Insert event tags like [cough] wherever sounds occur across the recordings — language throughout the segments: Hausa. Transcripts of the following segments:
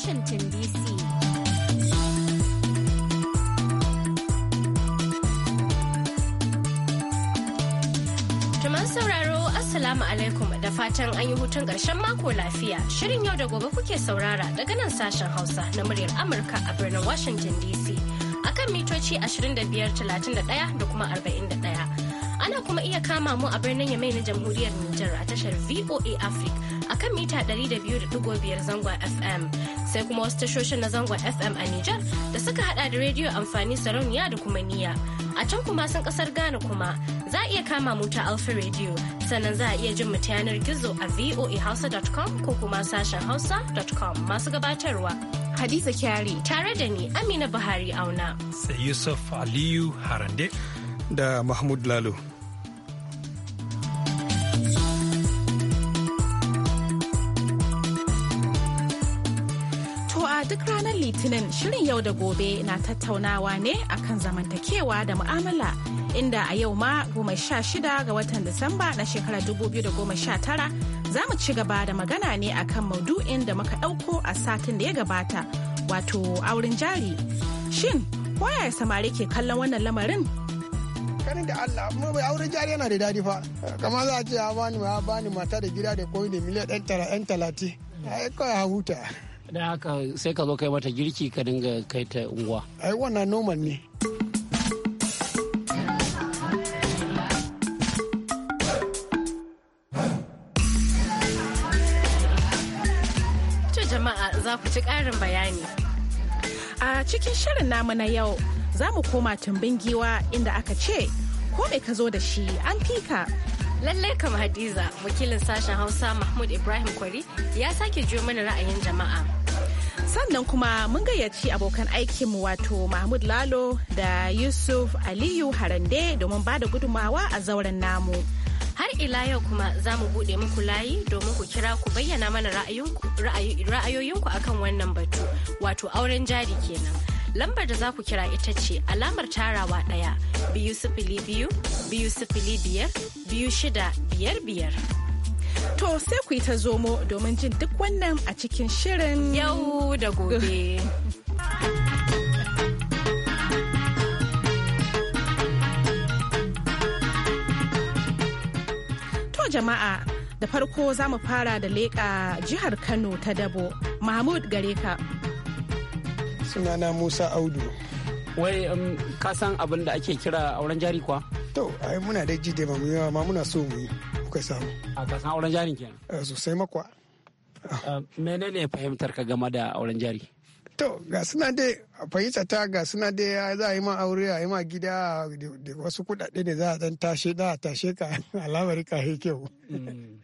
Washington DC. Tuman sauraro Assalamu alaikum da fatan an yi hutun ƙarshen mako lafiya. Shirin yau da gobe kuke saurara daga nan sashen Hausa na muryar Amurka a birnin Washington DC. Akan mitoci 25.31 da kuma 41. ana kuma iya kama mu a birnin yamai na jamhuriyar Nijar a tashar VOA Africa a kan mita 200.5 zangon FM sai kuma wasu tashoshin na zangon FM a Nijar da suka hada da rediyo amfani sarauniya da kuma niya. A can kuma sun kasar Ghana kuma za a iya kama mu ta Alfa rediyo sannan za a iya jin mu ta yanar gizo a voahausa.com ko kuma sashen hausa.com masu gabatarwa. Hadiza Kyari tare da ni Amina Buhari auna. Sai Yusuf Aliyu Harande. Da Mahmud Lalo. Litinin shirin yau da gobe na tattaunawa ne akan zamantakewa da mu'amala inda a yau ma goma sha shida ga watan Disamba na shekarar tara za mu ci gaba da magana ne akan maudu'in da muka ɗauko a satin da ya gabata wato auren jari. Shin, waya samari ke kallon wannan lamarin? Kanin da Allah amma bai jari yana da dadi fa kamar za a ce ya bani mata da gida da koyi da miliyan ɗan talatin yi kawai huta da haka sai ka zo kai mata girki ka dinga kai ta unguwa ai wannan noman ne jama'a za ku ci ƙarin bayani a cikin shirin namu na yau za mu koma tumbin giwa inda aka ce ko mai ka zo da shi an fika lallai kam hadiza wakilin sashen hausa mahmud ibrahim kwari ya sake juyo mana ra'ayin jama'a sannan kuma mun gayyaci abokan aikinmu wato mahmud lalo da yusuf aliyu harande domin ba da gudunmawa a zauren namu har ila yau kuma za mu buɗe muku layi domin ku kira ku bayyana mana ra'ayoyinku akan wannan batu wato auren jari kenan lambar da za ku kira ita ce alamar tarawa ɗaya biyu sifili biyu biyu sifili biyar biyu shida biyar biyar To sai ku yi ta zomo domin jin duk wannan a cikin shirin yau da gobe. To jama'a da farko za mu fara da leƙa jihar Kano ta dabo. Mahmud gare Sunana Musa Audu. Wai um, kasan abin da ake kira auren jari kwa? To, ai muna da ji da mamuna so mu yi. kuka samu. A ka san auren jarin kenan? Eh, sosai makwa. Eh, menene fahimtar ka game da auren jari? To ga suna dai fahimta ta ga suna dai za a yi ma aure a yi ma gida da wasu kuɗaɗe ne za a dan tashe da tashe ka [laughs] alamari ka he kyau. Hmm.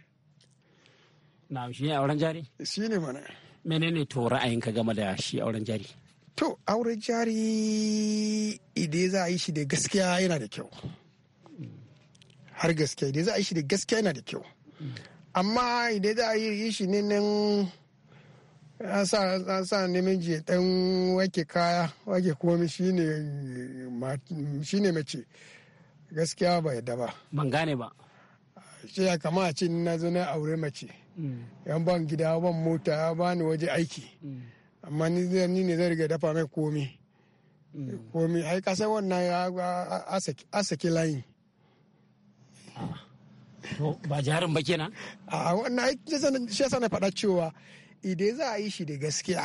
Na shi ne auren jari? Shi ne mana. ne to ka game da shi auren jari? To auren jari idan za a yi shi da gaskiya yana da kyau. har gaskiya idan za a yi shi da gaskiya yana da kyau amma idan za a yi shi ne nan an sa namiji ya dan wake kaya wake kuma shi ne mace gaskiya ba yadda ba ban gane ba shi ya kama a ce na zo na aure mace mm. yan ban gida ban mota ya bani waje aiki mm. amma ni ne zai riga dafa mai komi mm. komi ai kasar wannan ya asake layin ba jarin ba kenan? A wannan shi yasa na faɗa cewa idan za a yi shi da gaskiya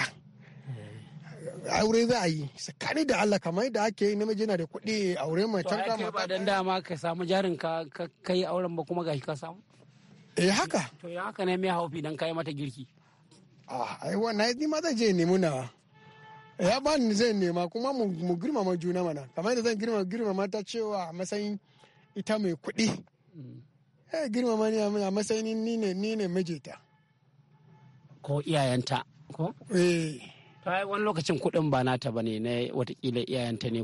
aure za a yi tsakani da Allah kamar da ake yi namiji na da kuɗi aure mai can kama ba dan dama ka samu jarin ka kai auren ba kuma gashi ka samu eh haka to ya haka ne mai haufi dan kai mata girki ah ai wannan ni ma zan je nemi nawa ya ba ni zai nema kuma mu girmama juna mana kamar da zan girmama girmama ta cewa matsayin ita mai kuɗi mm. eh girmama ni a matsayin ni ne ni ne mijita ko iyayenta ko eh ta wani lokacin kuɗin ba nata ba ne na watakila iyayenta ne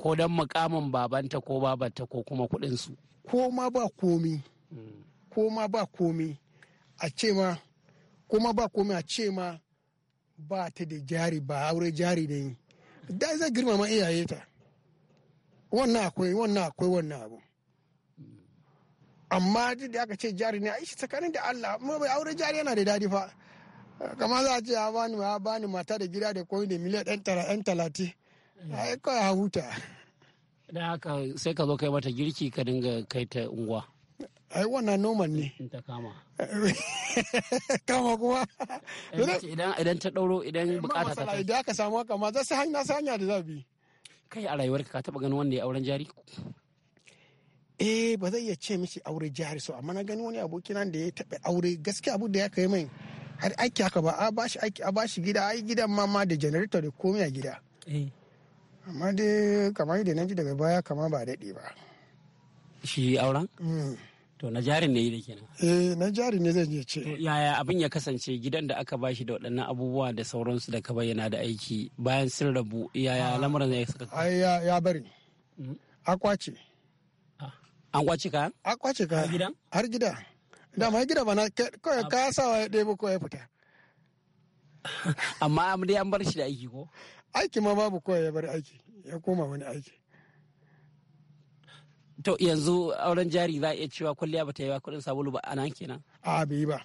ko dan mukamin babanta ko babanta ko kuma kuɗin su ko ma ba komi ko ma ba komi a ce ma ko ma ba komi a ce ma ba ta da jari ba aure jari da yi da zai girmama iyayeta. wannan akwai wannan akwai wannan abu amma duk da aka ce jari ne a ishi tsakanin da Allah mu bai aure jari yana da dadi fa kama za a ce ya bani ya bani mata da gida da koyi da miliyan ɗan tara ɗan talati ai kawai a huta da haka sai ka zo kai mata girki ka dinga kai ta unguwa ai wannan noman ne ta kama [laughs] kama kuma eh, idan idan ta ɗauro idan bukata ta kai idan aka samu haka ma za su hanya sanya da za bi kai a rayuwarka ka taɓa ganin wanda ya auren jari eh ba zai iya ce miki aure jihar so amma na gani wani abokina da ya taɓa aure gaskiya abu da ya kai mai har aiki haka ba a bashi aiki a bashi gida ai gidan ma ma da generator da komai a gida eh. amma dai kamar da na ji daga baya kama ba daɗe ba shi auren mm. to na jarin ne da kenan eh na jarin ne zan iya ce yaya abin ya kasance gidan da aka bashi da waɗannan abubuwa da sauransu da ka bayyana da aiki bayan sun rabu yaya ah. lamarin ya saka ya bari mm. kwace An kwace ka? An kwace ka. Har gida? Har gida. Da ma gida bana kawai ka sa ya ɗebo ko ya fita. [laughs] Amma amma dai an bar shi da aiki ko? Aiki ma babu kawai ya bar aiki ya koma wani aiki. To yanzu auren jari za a iya cewa kwalliya ba ta yi wa kuɗin sabulu ba nan kenan? A bai ba.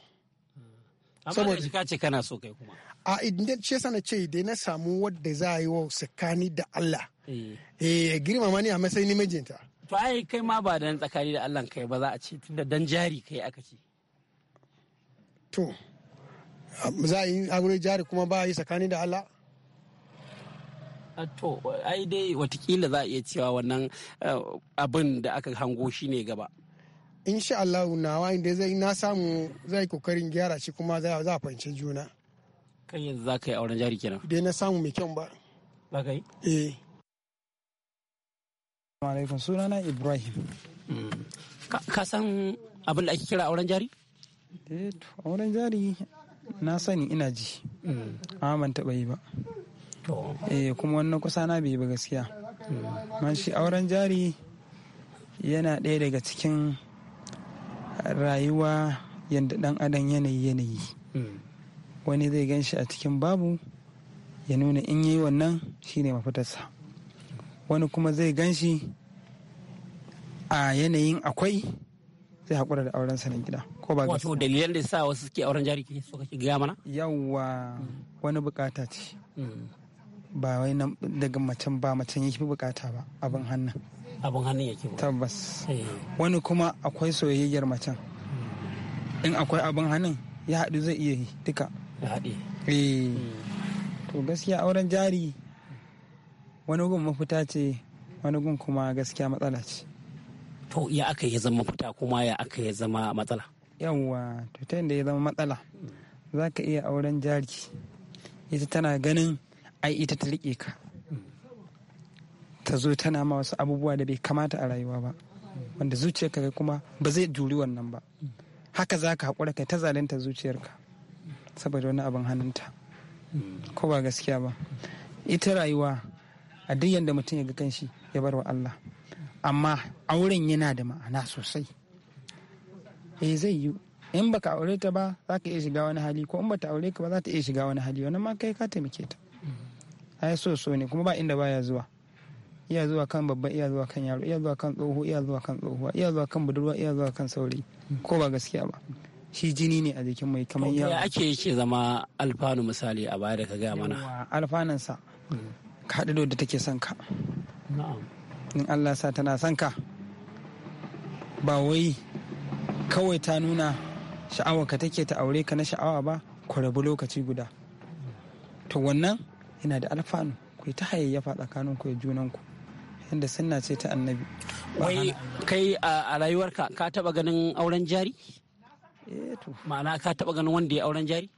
da shi kace kana so kai kuma a idan ce sana ce dai na samu wadda za a yi wa sakani da Allah eh. eh girmama ni a matsayin mijinta to ai kai ma ba dan tsakani da Allah kai ba za a ce tunda dan jari kai aka ce to za a yi aure jari kuma ba a yi tsakani da Allah to ai dai watakila za a iya cewa wannan eh, abin da aka hango shi ne gaba insha Allah nawa inda zai na samu zai kokarin gyara shi kuma za a fahimci juna kai yanzu za ka yi auren jari kenan dai na samu mai kyau ba ba kai eh alaikum sunana ibrahim hmm. ka san abin da ake kira auren jari eh, auren jari na sani ina ji amma taɓa yi ba eh kuma wannan kusa na bai ba gaskiya hmm. man shi auren jari yana ɗaya daga cikin rayuwa yadda ɗan adam yanayi yanayi hmm. wani zai gan shi a cikin babu ya nuna in yi wannan shine mafitarsa wani kuma zai gan shi a yanayin akwai zai haƙura da auren sa na gida ko ba wato dalilan da sa wasu suke auren jari su so kake gaya mana yawa wani bukata ce ba wai nan daga macen ba macen yake fi bukata ba abin hannun abin hannun yake ba. tabbas eh. wani kuma akwai soyayyar macen in akwai abin hannun ya haɗu zai iya yi duka ya haɗe eh to gaskiya auren jari wani gun mafita ce wani gun kuma gaskiya matsala ce to ya aka ya zama mafita kuma ya aka ya zama matsala yawwa to ta yadda ya zama matsala za ka iya auren jari ita tana ganin ai ita ta riƙe ka ta zo tana ma wasu abubuwa da bai kamata a rayuwa ba wanda zuciyarka kuma ba zai juri wannan ba haka za ka haƙura kai ta zalunta zuciyarka saboda wani abin hannunta ko ba gaskiya ba ita rayuwa a duk yadda mutum ya ga kanshi ya bar wa Allah amma auren yana da ma'ana sosai eh zai yi in baka aure ta ba za ka iya shiga wani hali ko in bata aure ka ba za ta iya shiga wani hali wani ma kai ka taimake ta ai so so ne kuma ba inda baya zuwa iya zuwa kan babba iya zuwa kan yaro iya zuwa kan tsoho iya zuwa kan tsohuwa iya zuwa kan budurwa iya zuwa kan saurayi ko ba gaskiya ba shi jini ne a jikin mai kamar yaro ake yake zama alfanu misali a baya da ka gaya mana alfanansa ka haɗu da take son ka in allah sa tana son ka ba wai kawai ta nuna sha'awa ka take ta aure ka na sha'awa ba ku rabu lokaci guda to wannan yana da alfanu ku ta hayayyafa tsakanin ku junan ku yadda sunna ce ta annabi wai kai a rayuwarka ka taba ganin auren jari eh ma'ana ka taba ganin wanda ya auren jari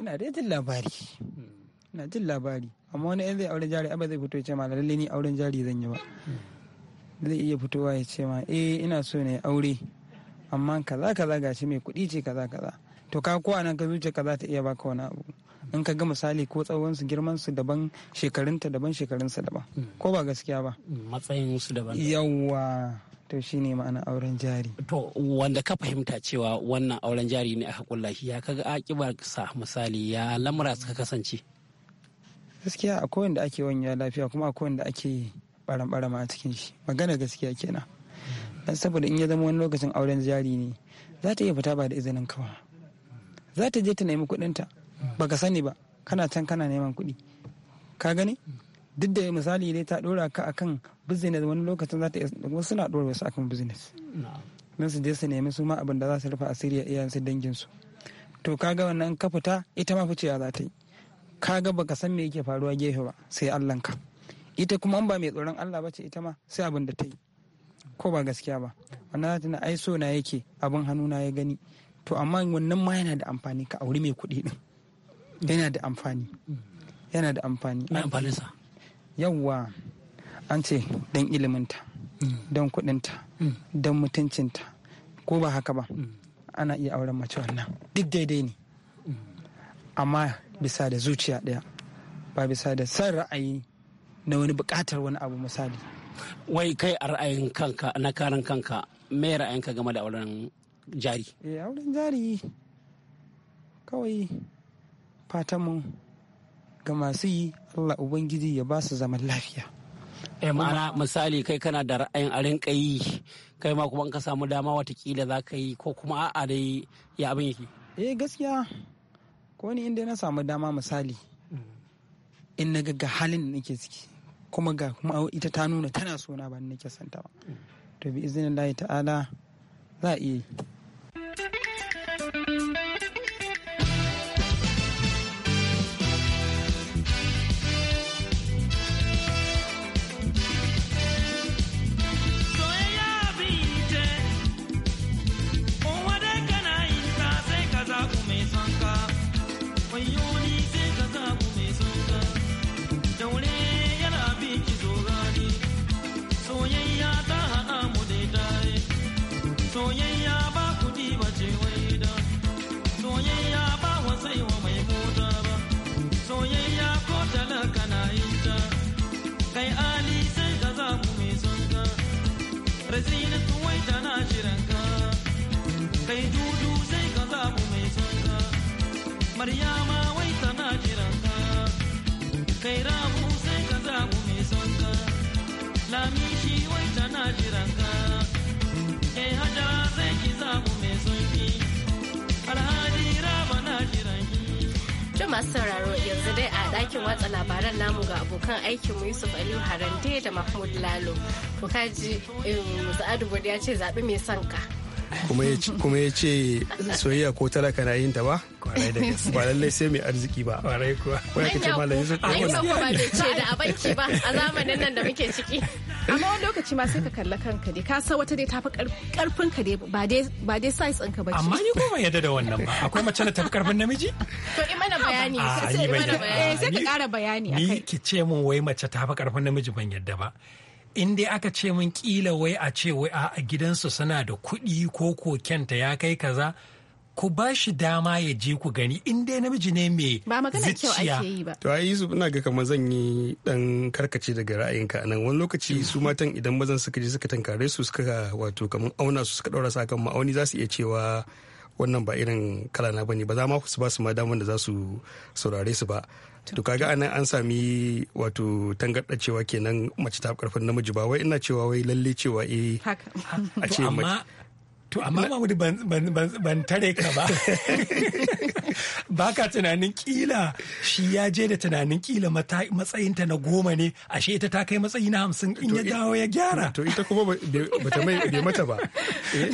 ina da jin labari hmm. ina jin labari amma wani yan zai auren jari ba zai fito ya ce ma lalle ni auren jari zan yi ba zai iya fitowa ya ce ma eh ina so ne aure amma kaza kaza gashi mai kuɗi ce kaza kaza to ka ko nan ka zuciya kaza ta iya baka wani abu in ka ga misali ko tsawon su girman su daban shekarunta daban shekarun sa daban ko ba gaskiya ba matsayin su daban yawwa to shine ma'ana auren jari to wanda ka fahimta cewa wannan auren jari ne aka kulla shi ya kaga akibar sa misali ya lamura suka kasance gaskiya a akwai da ake wanya lafiya kuma a akwai da ake baran-barama a cikin shi magana gaskiya kenan dan saboda in ya zama wani lokacin auren jari ne za ta iya fita ba da izinin kawa za ta je ta nemi kuɗinta baka sani ba kana can kana neman kuɗi ka gani duk da misali dai ta dora ka akan business wani lokacin za ta wasu suna dora wasu akan business don su je su nemi su ma abin da za su rufe asiri a su dangin su to kaga wannan ka fita ita ma ficewa za ta yi ka ga baka san me yake faruwa gefe ba sai ka ita kuma an ba mai tsoron Allah ba ce ita ma sai abin da ta yi ko ba gaskiya ba wannan na ai so na yake abin hannu na ya gani to amma wannan ma yana da amfani ka auri mai kuɗi din yana da amfani yana da amfani mai amfani sa yawwa an ce dan iliminta mm. dan kuɗinta mm. dan mutuncinta ko ba haka ba mm. ana iya auren mace wannan duk daidai ne amma bisa da zuciya ɗaya ba bisa da san ra'ayi na wani buƙatar wani abu misali wai kai a ra'ayin kanka na karan kanka me ra'ayinka game da auren jari e auren jari kawai fatanmu ga masu yi allah ubangiji ya ba su zaman lafiya e ma'ana misali kai kana da ra'ayin a rinka yi kai ma kuma ka samu dama watakila za ka yi ko kuma a'a dai ya abin yake e gaskiya ko ni inda na samu dama misali in na ga halin da nake ciki kuma ga kuma ita ta nuna tana sona ba nake son ta ba to bi izinin Allah ta'ala za a iya yi. maryama wai tana kiran ka kai rabu sai ka zabu mai son ka Lamishi wai tana kiran ka kai hajara sai ki zabu mai son ki alhaji raba na kiran ki To masu sauraro yanzu dai a ɗakin watsa labaran namu ga abokan aikinmu Yusuf Aliyu Harande da Mahmud Lalo. To kaji eh, Sa'adu Bode ya ce zaɓi mai son ka. kuma ya ce soyayya ko talaka na yin ta ba ba lallai sai mai arziki ba kwarai kuwa wani ce malamin su ko wani ba da ce da abanki ba a zamanin nan da muke ciki amma wani lokaci ma sai ka kalla kanka dai ka san wata dai tafi karfin ka dai ba dai ba dai size ɗin ka ba amma ni ko ban yadda da wannan ba akwai mace da tafi karfin namiji to i mana bayani ah, eh, sai ka ƙara bayani akai ni ki ce mun wai mace tafi karfin namiji ban yadda ba in dai aka ce min kila wai a ce wai a gidansu suna da kuɗi ko kokenta ya kai kaza ku ba shi dama ya je ku gani in dai namiji ne mai ba magana kyau ake yi ba to ai Yusuf ina ga kamar zan yi dan karkace daga ra'ayinka nan wani lokaci su matan idan mazan suka je suka tankare su suka wato kamar auna su suka daura su ma'auni za su iya cewa wannan ba irin kala na bane ba za ma su ba su ma damar da za su saurare su ba to kaga anan an sami wato tangarda cewa kenan mace ta karfin namiji ba wai ina cewa wai lalle cewa eh a ce mace To amma Mahmudu ban tare ka ba. [laughs] Baka tunanin kila shi ya je da tunanin kila matsayinta na goma ne ashe ita ta kai matsayi na hamsin in ya dawo ya gyara. To ita kuma bata mai bai mata ba. Eh,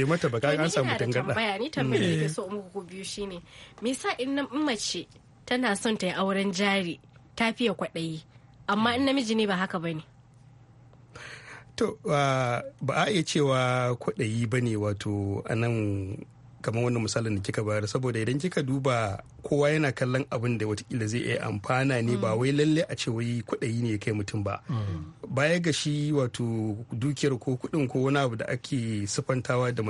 bai mata ba kaga an samu tangarda. bayani tambaya da hmm. so muku biyu shine me yasa in mace tana son ta yi auren jari ta fiye kwaɗayi amma in namiji ne ba haka ba ne to ba a iya cewa kwaɗayi ba ne wato anan kamar wannan misalin da kika bayar saboda idan kika duba kowa yana kallon abin da watakila zai iya amfana ne ba wai lalle a ce wai kudayi ne ya kai mutum ba baya ga shi wato dukiyar ko kuɗin ko wani abu da ake sifantawa da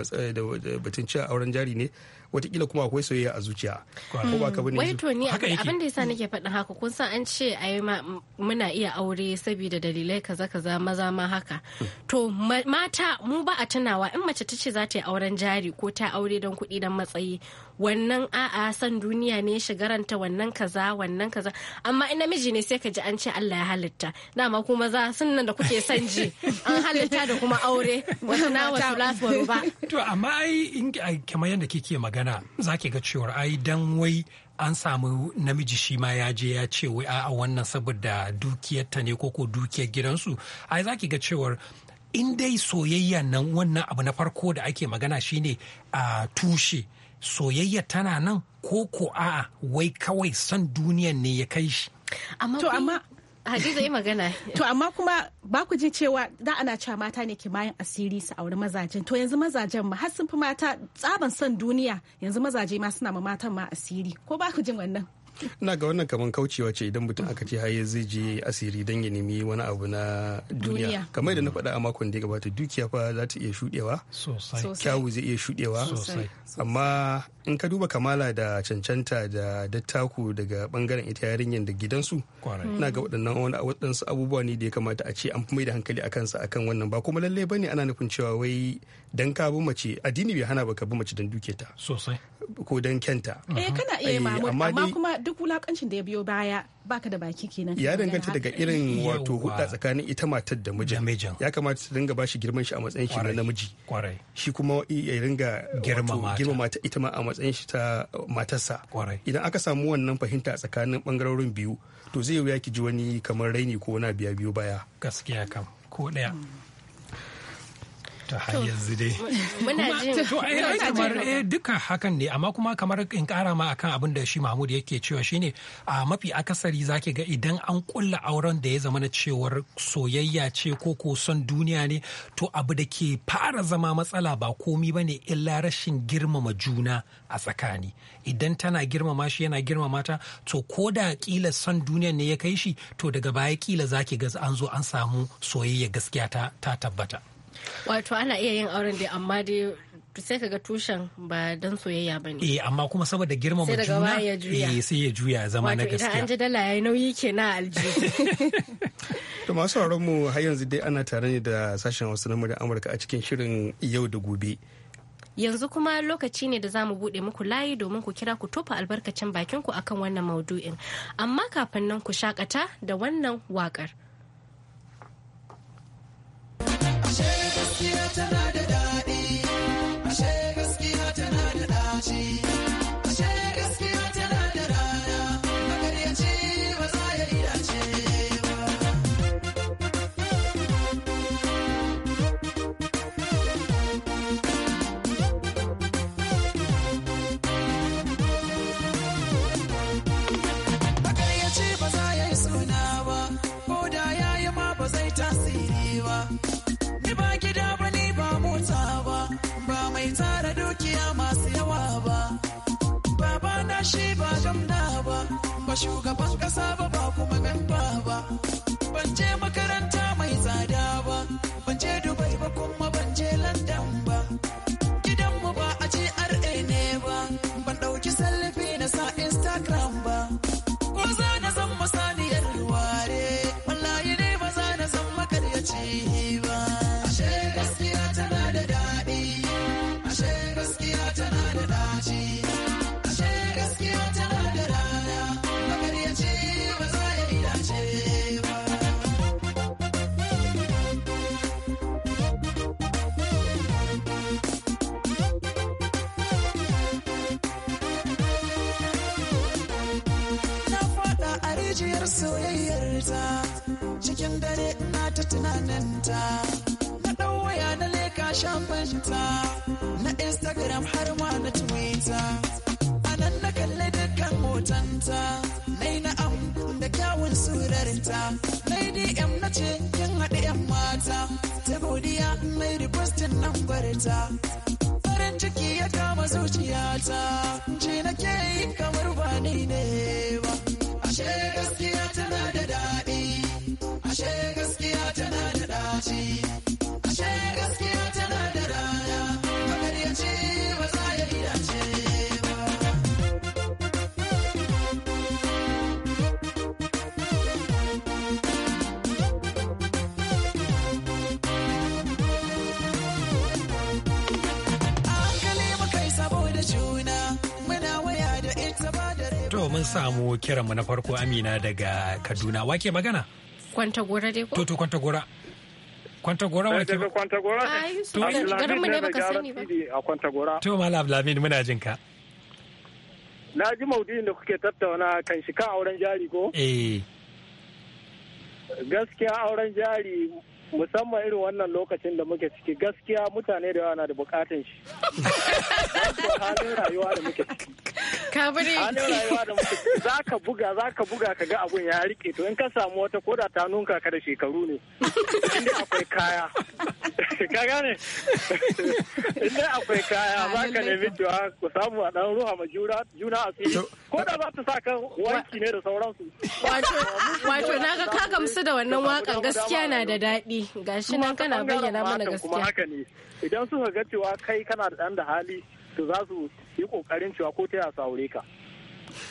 batun cewa auren jari ne watakila kuma akwai soyayya a zuciya ko ba hmm. ka bane wai to ni abin da yasa nake faɗin haka kun san an ce ai muna iya aure saboda dalilai kaza kaza maza ma haka to mata mu ba a tunawa in mace ta ce za ta yi auren jari ko ta aure don kuɗi don matsayi wannan a'a san duniya ne shigaranta wannan kaza wannan kaza amma in namiji ne sai ka ji an ce Allah ya halitta dama kuma za sun nan da kuke san ji an halitta da kuma aure wasu na wasu lasu ba to amma ai in kamar yadda kike magana zaki ga cewa ai dan wai an samu namiji shi ma ya je ya ce wai a wannan saboda dukiyarta ne koko dukiyar gidansu ai zaki ga cewar in dai soyayya nan wannan abu na farko da ake magana shine a ah, tushe soyayya tana nan ko ko a'a wai kawai son duniyan ne ya kai shi to amma Hadiza yi magana. [laughs] to amma kuma ba ku jin cewa da ana cewa mata ne ke kimayin asiri su auri mazajen. To yanzu mazajen ma har sun fi mata tsaban son duniya yanzu mazaje ma suna ma matan ma asiri. Ko ba ku jin wannan? ina ga wannan kaman kaucewa ce idan mutum aka ce haye zai je asiri don ya nemi wani abu na duniya kamar da na faɗa a makon da ya gabata dukiya fa za ta iya shuɗewa kyawu zai iya shuɗewa amma in ka duba kamala da cancanta da dattaku daga bangaren ita yarinyar da gidansu ina ga waɗannan waɗansu abubuwa ne da ya kamata a ce an fi mai da hankali a kansa akan wannan ba kuma lallai bane ana nufin cewa wai dan ka bi mace addini bai hana ba ka bi mace dan duke ta sosai ko don eh kana iya mamu amma kuma duk wulakancin da ya biyo baya baka da baki kenan ya danganta daga irin wato hudda tsakanin ita matar da mijin ya kamata ta dinga bashi girman shi a matsayin shi na namiji shi kuma ya dinga girmama ta ita ma a matsayin shi ta uh, matarsa idan aka samu wannan fahimta a tsakanin bangarorin biyu to zai wuya ki ji wani kamar raini ko wani biya biyu baya gaskiya kam ko daya ta har yanzu dai ai [laughs] E eh, eh, duka hakan ne amma kuma kamar in kara ma akan abin da shi Mahmud yake cewa shine a mafi akasari zaki ga idan an kulla auren da ya zama na cewar soyayya ce ko ko son duniya ne to abu da ke fara zama matsala ba komi ba ne illa rashin girmama juna a tsakani idan tana girmama shi yana girmama ta to ko da kila son duniya ne ya kai shi to daga baya kila zaki ga an zo an samu soyayya gaskiya ta tabbata wato ana iya yin auren dai amma dai sai ka ga tushen ba don soyayya ba ne. Eh amma kuma saboda girmama juna. Eh, sai juya. zama na gaskiya. Wato idan an ji dala ya nauyi kenan aljihu. [laughs] To masu mu har yanzu dai ana tare ne da sashen wasu na da Amurka a cikin shirin yau da gobe. Yanzu kuma lokaci ne da za mu buɗe muku layi domin ku kira ku tofa albarkacin bakin ku akan wannan maudu'in. Amma kafin nan ku shakata da wannan wakar. ashe gaskiya tana da daɗi bayaninta na ɗan waya na leka shambanta na instagram har ma na twitter a nan na kalli dukkan hotonta na yi na'am da kyawun surarinta na yi dm na ce kin haɗe yan mata ta godiya mai requestin nan barita farin ciki ya kama zuciyata ce nake yi kamar ba ni ne ba ashe gaskiya samu kiranmu na farko Amina daga Kaduna. Wake magana? Kwanta gora dai ko? to kwanta gora. Kwanta gora wake. ba Kwanta gora. To ai garin mu ne baka sani ba. A kwanta gora. To Malam Lamin muna jin ka. Na ji maudu'in da kuke tattauna kan shi ka auren jari ko? Eh. Gaskiya auren jari musamman irin wannan lokacin da muke ciki gaskiya mutane da yawa na da bukatun shi halin rayuwa da muke ciki rayuwa da muke ciki za ka buga za ka buga ka ga abun ya rike to in ka samu wata koda ta nunka ka da shekaru ne inda akwai kaya ka gane inda akwai kaya za ka nemi cewa ku samu a dan ruha ma juna a fili ko da za ta sa ka wanki ne da sauransu wato na ga ka gamsu da wannan wakan gaskiya na da daɗi gashi nan kana bayyana mana gaskiya kuma haka ne idan suka ga cewa kai kana da dan da hali to za su yi kokarin cewa ko ta su aure ka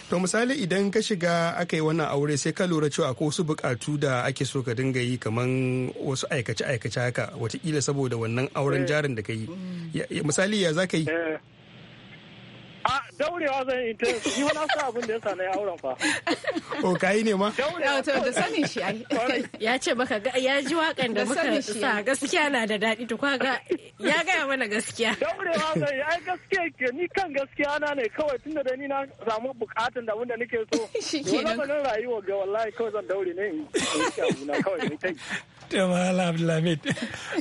to misali idan ka shiga aka yi wannan aure sai ka lura cewa akwai wasu bukatu da ake so ka dinga yi kaman wasu aikace aikace haka watakila saboda wannan auren eh. jarin da ka yi misali ya za ka yi eh. A daurewa zan yi ta yi wani abin da ya sa na auren fa. [laughs] O oh, kayi ne ma? Daurewa. da sanin shi ai. [laughs] Ya ce maka ya ji waƙan da muka sa gaskiya na da daɗi to ga ya gaya mana gaskiya. [laughs] Daurewa zan yi ai gaskiya ke ni kan gaskiya na ne kawai tunda da ni na samu bukatun da wanda nake so. Shi ke nan. Wani rayuwa ga wallahi kawai zan daure ne in yi kawai ne. kai. Da Mahala Abdulhamid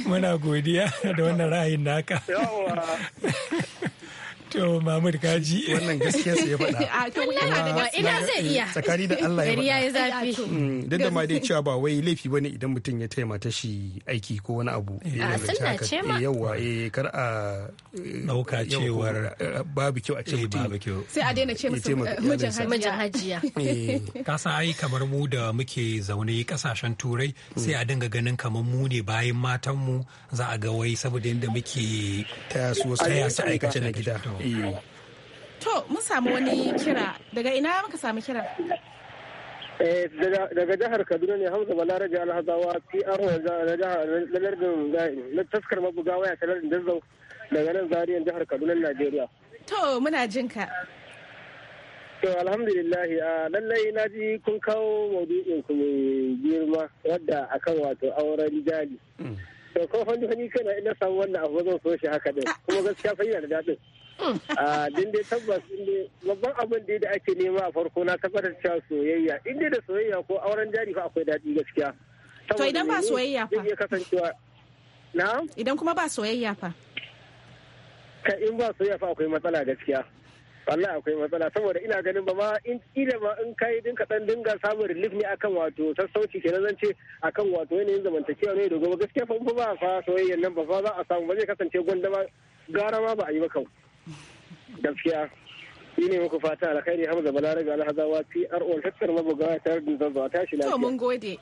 muna godiya da wannan ra'ayin naka. Yawwa. cewa ka ji. Wannan gaskiya sai ya faɗa. [laughs] A to ina zai iya. Tsakani da Allah ya faɗa. Gari ya zafi. Mm, duk da ma dai cewa ba wai laifi ne idan mutum ya taimata shi aiki ko wani abu. Eh. A sunna ce ma. Eh, Yawwa eh kar a eh, ɗauka cewar babu kyau a ce mutum. Sai a daina ce musu mijin hajiya. [laughs] Ka san ai kamar mu da muke zaune kasashen turai mm. sai a dinga ganin kamar mu ne bayan matanmu za a ga wai saboda yadda muke taya su aikace na gida. To, mun samu wani kira. Daga ina muka samu kira? Eh, daga jihar kaduna ne hamza balarabe alhazawa pr na lardin na taskar mabugawa ya ta da zau daga nan zariyan jihar kaduna najeriya to muna jinka to alhamdulillahi, a lallai na ji kun kawo maudu'in ku girma wadda akan wato auren jali mm. to ko fanni fanni kana ina samu wannan abu zan so shi haka din ah. kuma gaskiya fa yana da daɗin Ah, din dai tabbas babban abin da ake nema a farko na tabbatar cewa soyayya. In dai da soyayya ko auren jari fa akwai daɗi gaskiya. To idan ba soyayya fa? Zai kasancewa. Na? Idan kuma ba soyayya fa? Ka in ba soyayya fa akwai matsala gaskiya. wallahi akwai matsala saboda ina ganin ba ma in kila ma in kai din kaɗan dinga samun relief ne akan wato sassauci kenan zan ce akan wato yanayin zamantakewa ne dogo gobe gaskiya fa ba fa soyayyan nan ba fa za a samu ba zai kasance gwandama gara ma ba a yi ba kawai gaskiya shi ne muku fata alkhairi hamza balaraga alhazawa pro tattar mabugawa tare da zazzawa shi lafiya to mun gode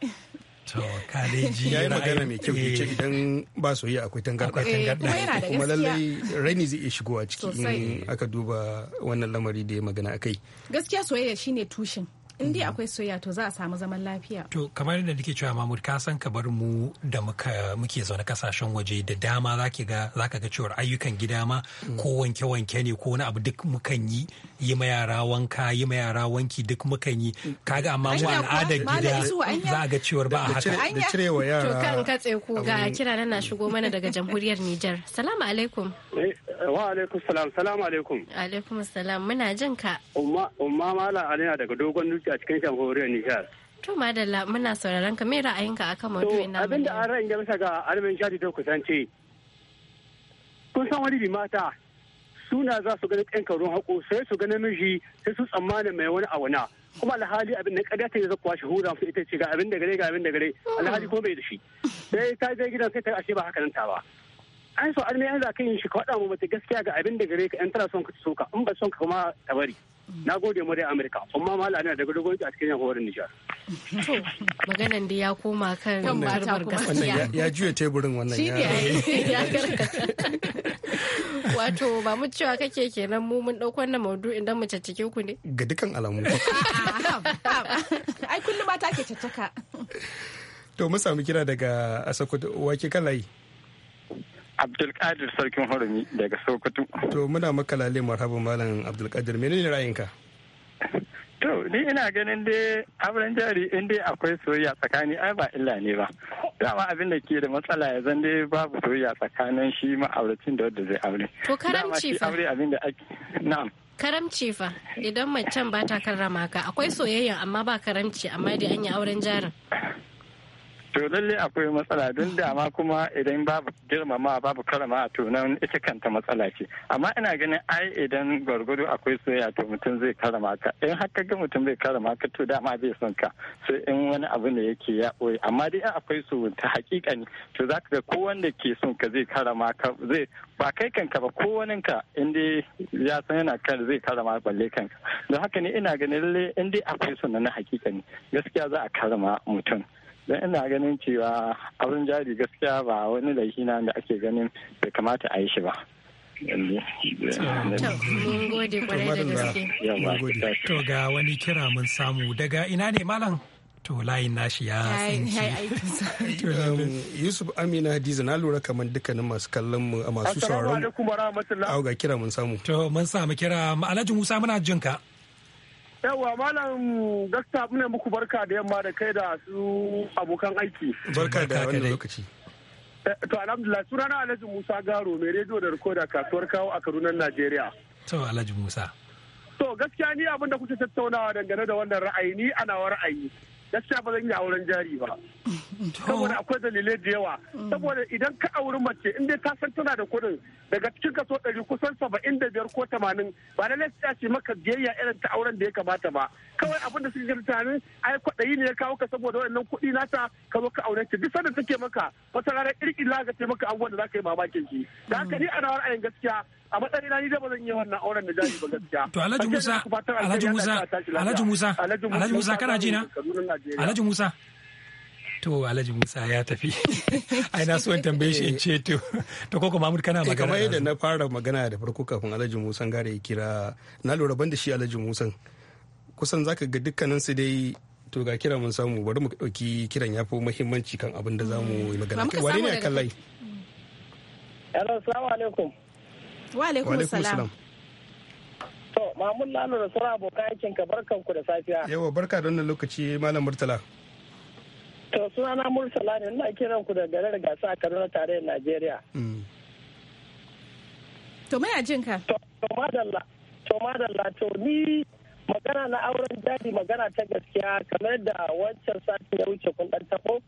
to kaleji ya yi magana mai kyau eh, ce idan ba soyayya akwai tangarɗa eh, tangarɗa kuma lallai raini zai iya shigowa ciki in aka duba wannan lamari da ya magana akai gaskiya soyayya shine tushen in dai mhm. akwai soyayya to za a samu zaman lafiya to kamar yadda nake cewa Mahmud ka san ka bar mu da muka muke zaune kasashen waje da dama zaki ga zaka ga cewa ayyukan gida ma mm. ko wanke wanke ne ko wani abu duk mukan yi yi ma yara wanka yi ma yara wanki duk mukan yi mm. kaga amma mu al'adar gida za a ga cewar ba a haka da cirewa yara to kan katse ko ga kira na shigo mana daga jamhuriyar Nijar salamu alaikum eh, Wa alaikum salam, salam alaikum. Alaikum salam, muna jin ka. Umma Mala Alina daga dogon duki a cikin jamhuriyar Nijar. To madalla muna sauraron ka me ra'ayinka akan maudu'in namu. Abinda an ra'ayin ga ga alimin shadi da kusanci. Kun san wani bi mata suna za su gani ɗan karuwan haƙo sai su ga namiji sai su tsammanin mai wani a na. kuma alhali abin da ƙarya ta zai shi hura su ita ce ga abin da gare ga abin da gare hmm. alhali ko bai da shi. Sai ta je gidan sai ta ashe ba haka nan ta ba. an so an yanzu za yin shi ka faɗa mu mace gaskiya ga abin da gare ka yan tara son ka soka in ba son ka kuma ta bari na gode mu dai amurka amma mala ana daga dogon a cikin yahorin nijar maganan da ya koma kan tarbar gaskiya ya juya teburin wannan ya wato ba mu cewa kake kenan mu mun dauko wannan Maudu idan mu caccake ku ne ga dukan alamu [laughs] ai kullum ta ke caccaka to mu samu kira daga asako wake kalayi Abdulkadir Sarkin Horami daga Sokoto. To muna makalale marhaban Malam Abdulkadir menene ra'ayinka? To ni ina ganin dai auren jari in dai akwai soyayya tsakani ai ba illa ne ba. Dama abin da ke da matsala ya zan dai babu soyayya tsakanin shi ma'auracin da wadda zai aure. To karamci fa. aure abin da ake na'am. Karamci fa idan macen ba ta karrama ka akwai soyayya amma ba karamci amma dai an yi auren jarin. to lalle akwai matsala don dama kuma idan babu girmama babu karama to nan ita kanta matsala ce amma ina ganin ai idan gwargwado akwai soyayya to mutum zai karama ka in haka ga mutum zai karama ka to dama bai son ka sai in wani abu ne yake ya boye amma dai in akwai so ta hakika ne to za ka ga ko wanda ke son ka zai karama ka zai ba kai kanka ba ko wani ka in dai ya san yana kan zai karama balle kanka don haka ne ina ganin lalle in dai akwai so na hakika ne gaskiya za a karama mutum don ina ganin cewa abin jari gaskiya ba wani laifi na da ake ganin bai kamata a yi shi ba to ga wani kira mun samu daga ina ne malam to layin nashi ya tsinci [laughs] um, yusuf amina hadiza na lura kamar dukkanin masu kallon mu a masu sauraron mu ga kira mun samu to mun samu kira alhaji musa muna jinka Yawwa malam gaskiya muna muku barka da yamma da kai da su abokan aiki. Barka da wannan lokaci. Eh, to alhamdulillah sunana Alhaji Musa Garo mai rediyo da rikoda kasuwar kawo a Kaduna Najeriya. To Alhaji Musa. To gaskiya ni abin da kuke tattaunawa dangane da wannan ra'ayi ni ana wa ra'ayi. gaskiya ba zan yi auren jari ba [laughs] saboda akwai dalilai da yawa mm. saboda idan ka auri mace in dai ka san tana da kuɗin daga cikin kaso ɗari kusan saba'in da biyar ko tamanin ba na lafiya ce maka biyayya irin ta auren da ya kamata ba kawai abin da suke tunanin ai kwaɗayi ne ya kawo ka saboda wannan kuɗi nata ka zo ka aure ta duk sanda take maka wata rana irin za ka ce maka abubuwan da za ka yi mamakin shi da haka ni a rawar yin gaskiya a matsayin na ni zai ba zan yi wannan auren da jari ba gaskiya to Alhaji Musa Alhaji Musa Alhaji Musa Alhaji Musa kana ji na Alhaji Musa to Alhaji Musa ya tafi [laughs] ai na so in tambaye shi in ce to to koko Mahmud kana eh, magana kamar yadda na fara magana da farko kafin Alhaji Musa gare ya kira na lura ban da shi Alhaji Musa kusan zaka ga dukkanin su dai to ga kira mun samu bari mu dauki kiran ya fi muhimmanci kan abin da zamu yi magana kai wane ne kallai Hello, assalamu alaikum. Wa alaikum salam. To, Mamun Lalo da Sura abokan aikin ka barkan ku da safiya. Yawa barka da wannan lokaci Malam Murtala. To, suna na Murtala ne, ina kiran ku da garin gasa a Kaduna tarayyar Najeriya. Mm. To, mai jin ka? To, madalla. To, madalla. To, ni magana na auren jadi magana ta gaskiya kamar da wancan satin ya wuce kun dan tabo.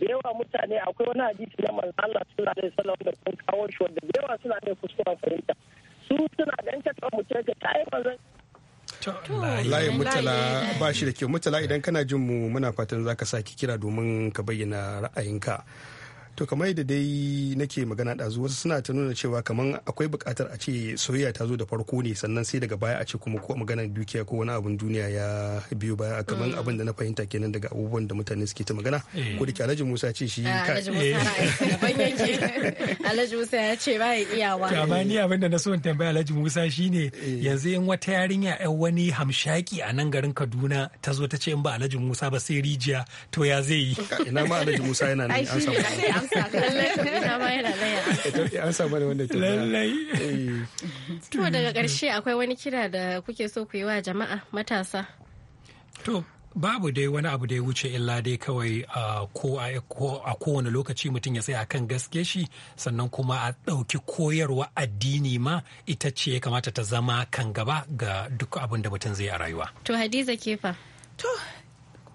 da yawa mutane akwai wani hadisi na manzo Allah sallallahu alaihi wasallam da kun kawo shi wanda da yawa suna ne kuskuren fahimta su suna ganin ta mu ce ta manzo layin mutala ba shi da kyau mutala idan kana jin mu muna fatan zaka saki kira domin ka bayyana ra'ayinka to kamar yadda dai nake magana ɗazu wasu suna ta nuna cewa kamar akwai buƙatar a ce soyayya ta zo da farko ne sannan sai daga baya a ce kuma ko maganar dukiya ko wani abin duniya ya biyo baya kamar abin da na fahimta kenan daga abubuwan da mutane suke ta magana eh. ko da ke alhaji musa ce shi ah, eh. [laughs] alhaji musa ya ce ba ya iyawa to amma ni abin da na so in tambaya alhaji musa shine eh. yanzu in wata yarinya ɗan wani hamshaki a nan garin kaduna ta zo ta ce in ba alhaji musa ba sai rijiya to ya zai yi ina ma alhaji musa yana nan an samu Eh. daga ƙarshe akwai wani kira da kuke so ku yi wa jama'a matasa. To babu dai wani abu da ya wuce illa dai kawai a kowane lokaci mutum ya tsaya kan gaske shi sannan kuma a ɗauki koyarwa addini ma ita ce ya kamata ta zama kan gaba ga duk abin da mutum zai a rayuwa. To Hadiza kefa. To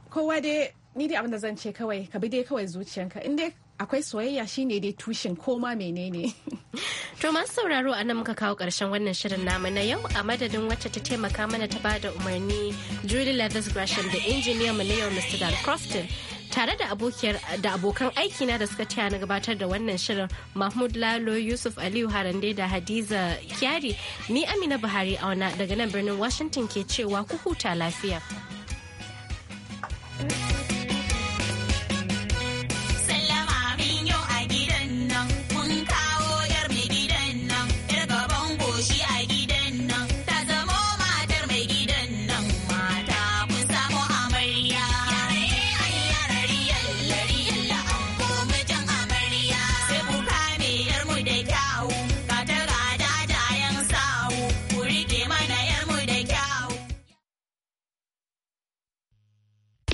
kowa dai ni dai abin da zan ce kawai ka bi dai kawai zuciyanka in dai akwai soyayya shine dai tushen koma menene. [laughs] to masu sauraro a nan muka kawo ƙarshen wannan shirin namu na yau a madadin wacce ta taimaka mana ta bada umarni Julie Leathers Gresham da injiniya mu Mr. Dan Crofton. Tare da abokiyar da abokan na da suka taya na gabatar da wannan shirin Mahmud Lalo Yusuf Aliyu Harande da Hadiza Kyari ni Amina Buhari auna daga nan birnin Washington ke cewa ku huta lafiya.